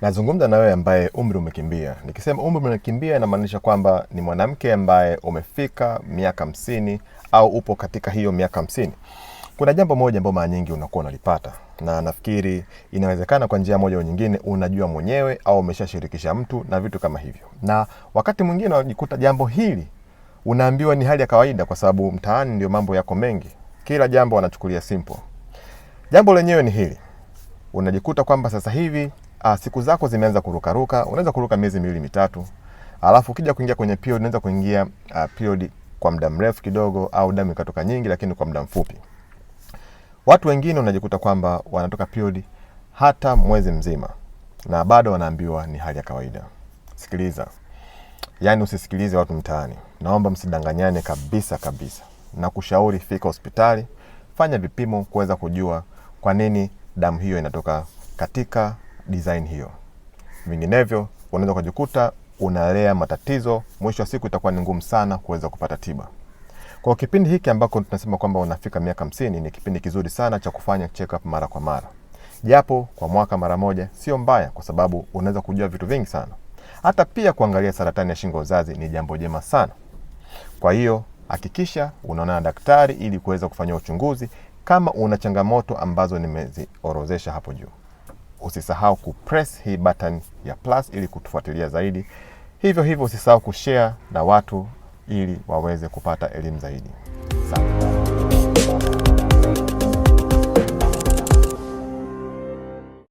Nazungumza na wewe ambaye umri umekimbia. Nikisema umri umekimbia, inamaanisha kwamba ni mwanamke ambaye umefika miaka hamsini au upo katika hiyo miaka hamsini. Kuna jambo moja ambalo mara nyingi unakuwa unalipata, na nafikiri inawezekana kwa njia moja au nyingine, unajua mwenyewe au umeshashirikisha mtu na vitu kama hivyo, na wakati mwingine unajikuta jambo hili unaambiwa ni hali ya kawaida, kwa sababu mtaani ndio mambo yako mengi, kila jambo wanachukulia simple. Jambo lenyewe ni hili, unajikuta kwamba sasa hivi a, ah, siku zako zimeanza kurukaruka, unaweza kuruka miezi miwili mitatu, alafu ukija kuingia kwenye period unaweza kuingia a, ah, period kwa muda mrefu kidogo, au damu ikatoka nyingi, lakini kwa muda mfupi. Watu wengine unajikuta kwamba wanatoka period hata mwezi mzima na bado wanaambiwa ni hali ya kawaida. Sikiliza, yaani usisikilize watu mtaani, naomba msidanganyane kabisa kabisa, na kushauri fika hospitali, fanya vipimo kuweza kujua kwa nini damu hiyo inatoka katika design hiyo, vinginevyo unaweza ukajikuta unalea matatizo, mwisho wa siku itakuwa ni ngumu sana kuweza kupata tiba. Kwa kipindi hiki ambako tunasema kwamba unafika miaka hamsini, ni kipindi kizuri sana cha kufanya check up mara kwa mara, japo kwa mwaka mara moja sio mbaya, kwa sababu unaweza kujua vitu vingi sana. Hata pia kuangalia saratani ya shingo uzazi ni jambo jema sana. Kwa hiyo hakikisha unaonana daktari ili kuweza kufanyia uchunguzi kama una changamoto ambazo nimeziorozesha hapo juu. Usisahau kupress hii button ya plus ili kutufuatilia zaidi. Hivyo hivyo usisahau kushare na watu ili waweze kupata elimu zaidi.